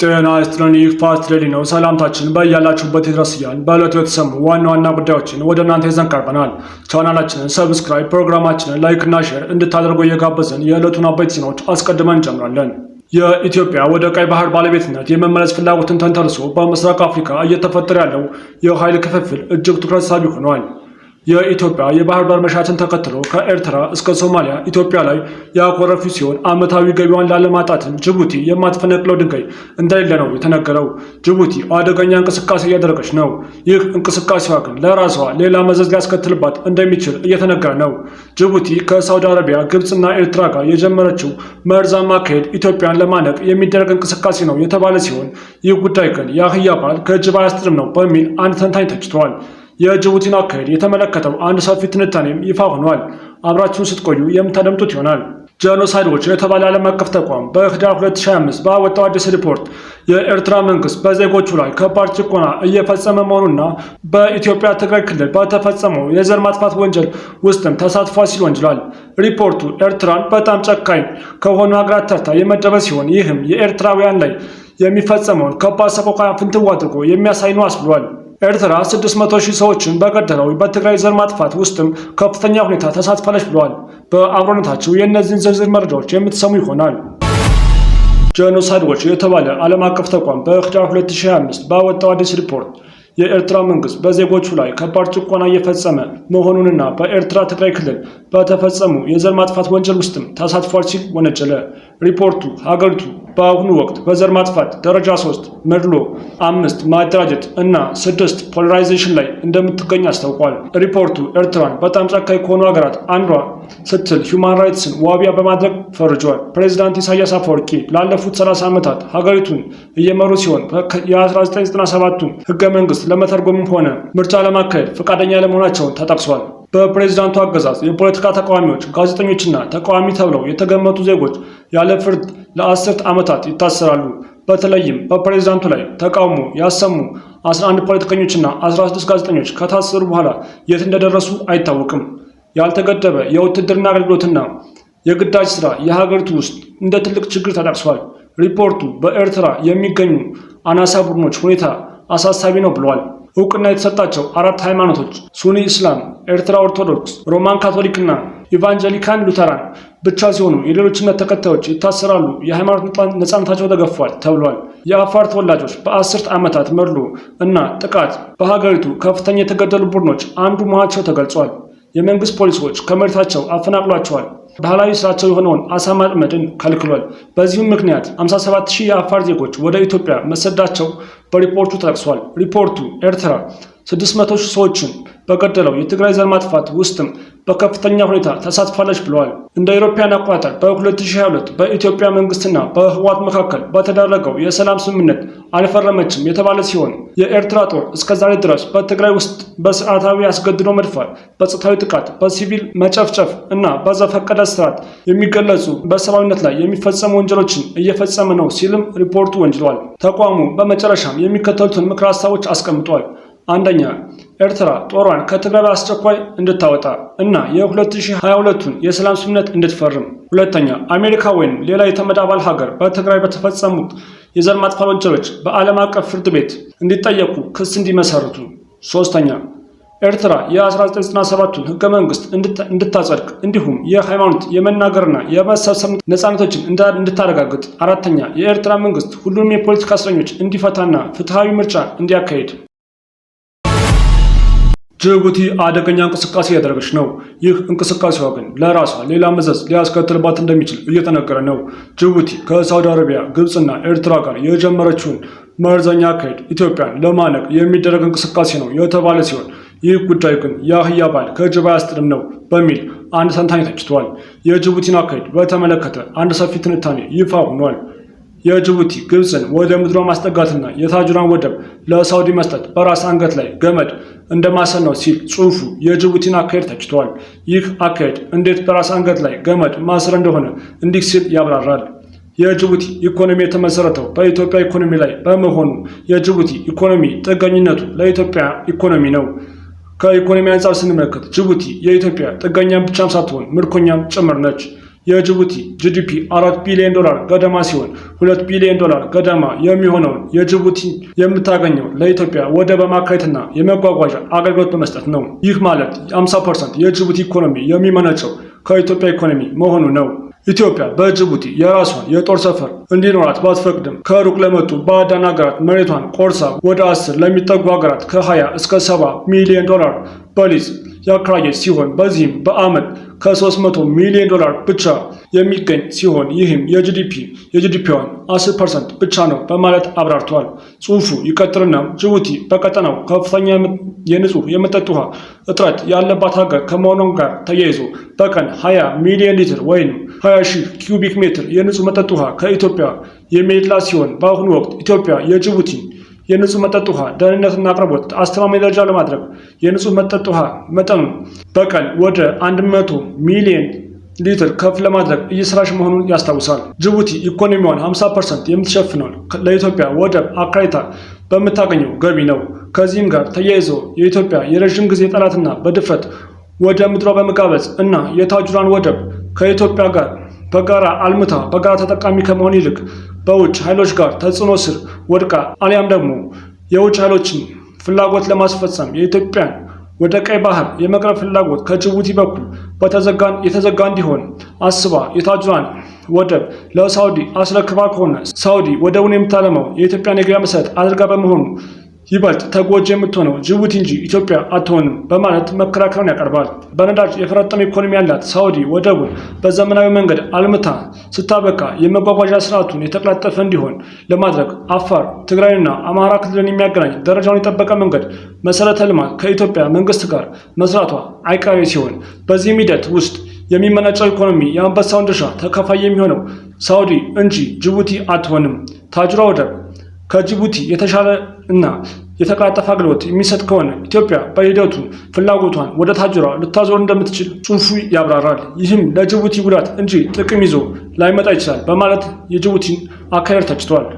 ጤና ይስጥልን። ይህ ፋስት ሬዲ ነው። ሰላምታችን በያላችሁበት ይድረስ እያልን በዕለቱ የተሰሙ ዋና ዋና ጉዳዮችን ወደ እናንተ ይዘን ቀርበናል። ቻናላችንን ሰብስክራይብ፣ ፕሮግራማችንን ላይክ እና ሼር እንድታደርጉ እየጋበዝን የዕለቱን አበይት ዜናዎች አስቀድመን እንጀምራለን። የኢትዮጵያ ወደ ቀይ ባህር ባለቤትነት የመመለስ ፍላጎትን ተንተርሶ በምስራቅ አፍሪካ እየተፈጠረ ያለው የኃይል ክፍፍል እጅግ ትኩረት ሳቢ ሆኗል። የኢትዮጵያ የባህር በር መሻትን ተከትሎ ከኤርትራ እስከ ሶማሊያ ኢትዮጵያ ላይ ያኮረፊ ሲሆን ዓመታዊ ገቢዋን ላለማጣትም ጅቡቲ የማትፈነቅለው ድንጋይ እንደሌለ ነው የተነገረው። ጅቡቲ አደገኛ እንቅስቃሴ እያደረገች ነው። ይህ እንቅስቃሴዋ ግን ለራሷ ሌላ መዘዝ ሊያስከትልባት እንደሚችል እየተነገረ ነው። ጅቡቲ ከሳውዲ አረቢያ፣ ግብፅና ኤርትራ ጋር የጀመረችው መርዛማ አካሄድ ኢትዮጵያን ለማነቅ የሚደረግ እንቅስቃሴ ነው የተባለ ሲሆን ይህ ጉዳይ ግን የአህያ ባል ከጅብ አያስጥልም ነው በሚል አንድ ተንታኝ ተችቷል። የጅቡቲን አካሄድ የተመለከተው አንድ ሰፊ ትንታኔም ይፋ ሆኗል። አብራችሁን ስትቆዩ የምታደምጡት ይሆናል። ጀኖሳይድ ዎች የተባለ ዓለም አቀፍ ተቋም በህዳር 2025 ባወጣው አዲስ ሪፖርት የኤርትራ መንግስት በዜጎቹ ላይ ከባድ ጭቆና እየፈጸመ መሆኑና በኢትዮጵያ ትግራይ ክልል በተፈጸመው የዘር ማጥፋት ወንጀል ውስጥም ተሳትፏል ሲል ወንጅሏል። ሪፖርቱ ኤርትራን በጣም ጨካኝ ከሆኑ ሀገራት ተርታ የመደበ ሲሆን ይህም የኤርትራውያን ላይ የሚፈጸመውን ከባድ ሰቆቃ ፍንትው አድርጎ የሚያሳይ ነው አስብሏል። ኤርትራ 600 ሺህ ሰዎችን በገደለው በትግራይ ዘር ማጥፋት ውስጥም ከፍተኛ ሁኔታ ተሳትፋለች ብለዋል። በአብሮነታቸው የእነዚህን ዝርዝር መረጃዎች የምትሰሙ ይሆናል። ጄኖሳይድ ዎች የተባለ ዓለም አቀፍ ተቋም በኅዳር 2025 ባወጣው አዲስ ሪፖርት የኤርትራ መንግስት በዜጎቹ ላይ ከባድ ጭቆና እየፈጸመ መሆኑንና በኤርትራ ትግራይ ክልል በተፈጸሙ የዘር ማጥፋት ወንጀል ውስጥም ተሳትፏል ሲል ወነጀለ። ሪፖርቱ ሀገሪቱ በአሁኑ ወቅት በዘር ማጥፋት ደረጃ ሶስት መድሎ፣ አምስት ማደራጀት እና ስድስት ፖላራይዜሽን ላይ እንደምትገኝ አስታውቋል። ሪፖርቱ ኤርትራን በጣም ጨካኝ ከሆኑ ሀገራት አንዷ ስትል ሁማን ራይትስን ዋቢያ በማድረግ ፈርጇል። ፕሬዚዳንት ኢሳያስ አፈወርቂ ላለፉት 30 ዓመታት ሀገሪቱን እየመሩ ሲሆን የ1997ቱን ህገ መንግስት ለመተርጎምም ሆነ ምርጫ ለማካሄድ ፈቃደኛ ለመሆናቸውን ተጠቅሷል። በፕሬዚዳንቱ አገዛዝ የፖለቲካ ተቃዋሚዎች፣ ጋዜጠኞችና ተቃዋሚ ተብለው የተገመቱ ዜጎች ያለ ፍርድ ለአስርት ዓመታት ይታሰራሉ። በተለይም በፕሬዚዳንቱ ላይ ተቃውሞ ያሰሙ 11 ፖለቲከኞችና 16 ጋዜጠኞች ከታሰሩ በኋላ የት እንደደረሱ አይታወቅም። ያልተገደበ የውትድርና አገልግሎትና የግዳጅ ሥራ የሀገሪቱ ውስጥ እንደ ትልቅ ችግር ተጠቅሷል። ሪፖርቱ በኤርትራ የሚገኙ አናሳ ቡድኖች ሁኔታ አሳሳቢ ነው ብለዋል። እውቅና የተሰጣቸው አራት ሃይማኖቶች ሱኒ እስላም፣ ኤርትራ ኦርቶዶክስ፣ ሮማን ካቶሊክና ኢቫንጀሊካን ሉተራን ብቻ ሲሆኑ የሌሎች እምነት ተከታዮች ይታሰራሉ፣ የሃይማኖት ነጻነታቸው ተገፏል ተብሏል። የአፋር ተወላጆች በአስርት ዓመታት መድሎ እና ጥቃት በሀገሪቱ ከፍተኛ የተገደሉ ቡድኖች አንዱ መሆናቸው ተገልጿል። የመንግስት ፖሊሶች ከመሬታቸው አፈናቅሏቸዋል። ባህላዊ ስራቸው የሆነውን አሳ ማጥመድን ከልክሏል። በዚሁም ምክንያት 57 ሺህ የአፋር ዜጎች ወደ ኢትዮጵያ መሰዳቸው በሪፖርቱ ጠቅሷል። ሪፖርቱ ኤርትራ 600 ሺህ ሰዎችን በገደለው የትግራይ ዘር ማጥፋት ውስጥም በከፍተኛ ሁኔታ ተሳትፋለች ብለዋል። እንደ አውሮፓውያን አቆጣጠር በ2022 በኢትዮጵያ መንግስትና በህወሓት መካከል በተደረገው የሰላም ስምምነት አልፈረመችም የተባለ ሲሆን የኤርትራ ጦር እስከዛሬ ድረስ በትግራይ ውስጥ በስርዓታዊ አስገድዶ መድፈር፣ በጾታዊ ጥቃት፣ በሲቪል መጨፍጨፍ እና በዘፈቀደ ስርዓት የሚገለጹ በሰብአዊነት ላይ የሚፈጸሙ ወንጀሎችን እየፈጸመ ነው ሲልም ሪፖርቱ ወንጅሏል። ተቋሙ በመጨረሻ የሚከተሉትን ምክር ሀሳቦች አስቀምጧል። አንደኛ ኤርትራ ጦሯን ከትግራይ በአስቸኳይ እንድታወጣ እና የ2022ቱን የሰላም ስምምነት እንድትፈርም። ሁለተኛ አሜሪካ ወይም ሌላ የተመድ አባል ሀገር በትግራይ በተፈጸሙት የዘር ማጥፋት ወንጀሎች በዓለም አቀፍ ፍርድ ቤት እንዲጠየቁ ክስ እንዲመሰርቱ። ሶስተኛ ኤርትራ የ1997ቱን ህገ መንግስት እንድታጸድቅ እንዲሁም የሃይማኖት የመናገርና የመሰብሰብ ነፃነቶችን እንድታረጋግጥ፣ አራተኛ የኤርትራ መንግስት ሁሉንም የፖለቲካ እስረኞች እንዲፈታና ፍትሐዊ ምርጫ እንዲያካሂድ። ጅቡቲ አደገኛ እንቅስቃሴ እያደረገች ነው። ይህ እንቅስቃሴዋ ግን ለራሷ ሌላ መዘዝ ሊያስከትልባት እንደሚችል እየተነገረ ነው። ጅቡቲ ከሳውዲ አረቢያ፣ ግብፅና ኤርትራ ጋር የጀመረችውን መርዘኛ አካሄድ ኢትዮጵያን ለማነቅ የሚደረግ እንቅስቃሴ ነው የተባለ ሲሆን ይህ ጉዳይ ግን የአህያ ባል ከጅብ አያስጥልም ነው በሚል አንድ ተንታኝ ተችቷል። የጅቡቲን አካሄድ በተመለከተ አንድ ሰፊ ትንታኔ ይፋ ሆኗል። የጅቡቲ ግብፅን ወደ ምድሯ ማስጠጋትና የታጁራን ወደብ ለሳውዲ መስጠት በራስ አንገት ላይ ገመድ እንደማሰን ነው ሲል ጽሑፉ የጅቡቲን አካሄድ ተችቷል። ይህ አካሄድ እንዴት በራስ አንገት ላይ ገመድ ማሰር እንደሆነ እንዲህ ሲል ያብራራል። የጅቡቲ ኢኮኖሚ የተመሰረተው በኢትዮጵያ ኢኮኖሚ ላይ በመሆኑ የጅቡቲ ኢኮኖሚ ጥገኝነቱ ለኢትዮጵያ ኢኮኖሚ ነው። ከኢኮኖሚ አንጻር ስንመለከት ጅቡቲ የኢትዮጵያ ጥገኛም ብቻም ሳትሆን ምርኮኛም ጭምር ነች። የጅቡቲ ጂዲፒ አራት ቢሊዮን ዶላር ገደማ ሲሆን ሁለት ቢሊዮን ዶላር ገደማ የሚሆነውን የጅቡቲ የምታገኘው ለኢትዮጵያ ወደብ በማካሄድና የመጓጓዣ አገልግሎት በመስጠት ነው። ይህ ማለት 50 ፐርሰንት የጅቡቲ ኢኮኖሚ የሚመነጨው ከኢትዮጵያ ኢኮኖሚ መሆኑ ነው። ኢትዮጵያ በጅቡቲ የራሷን የጦር ሰፈር እንዲኖራት ባትፈቅድም ከሩቅ ለመጡ ባዕዳን ሀገራት መሬቷን ቆርሳ ወደ አስር ለሚጠጉ ሀገራት ከ20 እስከ 70 ሚሊዮን ዶላር በሊዝ ያከራየች ሲሆን በዚህም በአመት ከ300 ሚሊዮን ዶላር ብቻ የሚገኝ ሲሆን ይህም የጂዲፒ የጂዲፒዋን 10% ፐርሰንት ብቻ ነው በማለት አብራርተዋል። ጽሁፉ ይቀጥልና ጅቡቲ በቀጠናው ከፍተኛ የንጹህ የመጠጥ ውሃ እጥረት ያለባት ሀገር ከመሆኗም ጋር ተያይዞ በቀን 20 ሚሊዮን ሊትር ወይም 20 ሺህ ኪዩቢክ ሜትር የንጹህ መጠጥ ውሃ ከኢትዮጵያ የሚላ ሲሆን በአሁኑ ወቅት ኢትዮጵያ የጅቡቲ የንጹህ መጠጥ ውሃ ደህንነትና አቅርቦት አስተማማኝ ደረጃ ለማድረግ የንጹህ መጠጥ ውሃ መጠኑ በቀን ወደ 100 ሚሊዮን ሊትር ከፍ ለማድረግ እየሰራች መሆኑን ያስታውሳል። ጅቡቲ ኢኮኖሚዋን 50 ፐርሰንት የምትሸፍነው ለኢትዮጵያ ወደብ አካይታ በምታገኘው ገቢ ነው። ከዚህም ጋር ተያይዞ የኢትዮጵያ የረዥም ጊዜ ጠላትና በድፍረት ወደ ምድሯ በመጋበዝ እና የታጁራን ወደብ ከኢትዮጵያ ጋር በጋራ አልምታ በጋራ ተጠቃሚ ከመሆን ይልቅ በውጭ ኃይሎች ጋር ተጽዕኖ ስር ወድቃ አሊያም ደግሞ የውጭ ኃይሎችን ፍላጎት ለማስፈጸም የኢትዮጵያን ወደ ቀይ ባህር የመቅረብ ፍላጎት ከጅቡቲ በኩል የተዘጋ እንዲሆን አስባ የታጁራን ወደብ ለሳውዲ አስረክባ ከሆነ ሳውዲ ወደቡን የምታለመው የኢትዮጵያን የገበያ መሰረት አድርጋ በመሆኑ ይበልጥ ተጎጂ የምትሆነው ጅቡቲ እንጂ ኢትዮጵያ አትሆንም በማለት መከራከሪያውን ያቀርባል። በነዳጅ የፈረጠመ ኢኮኖሚ ያላት ሳውዲ ወደቡን በዘመናዊ መንገድ አልምታ ስታበቃ የመጓጓዣ ስርዓቱን የተቀላጠፈ እንዲሆን ለማድረግ አፋር፣ ትግራይና አማራ ክልልን የሚያገናኝ ደረጃውን የጠበቀ መንገድ መሰረተ ልማት ከኢትዮጵያ መንግስት ጋር መስራቷ አይቀሬ ሲሆን በዚህም ሂደት ውስጥ የሚመነጨው ኢኮኖሚ የአንበሳውን ድርሻ ተካፋይ የሚሆነው ሳውዲ እንጂ ጅቡቲ አትሆንም። ታጁራ ወደብ ከጅቡቲ የተሻለ እና የተቃጠፈ አገልግሎት የሚሰጥ ከሆነ ኢትዮጵያ በሂደቱ ፍላጎቷን ወደ ታጅሯ ልታዞር እንደምትችል ጽሑፉ ያብራራል። ይህም ለጅቡቲ ጉዳት እንጂ ጥቅም ይዞ ላይመጣ ይችላል በማለት የጅቡቲን አካሄድ ተችቷል።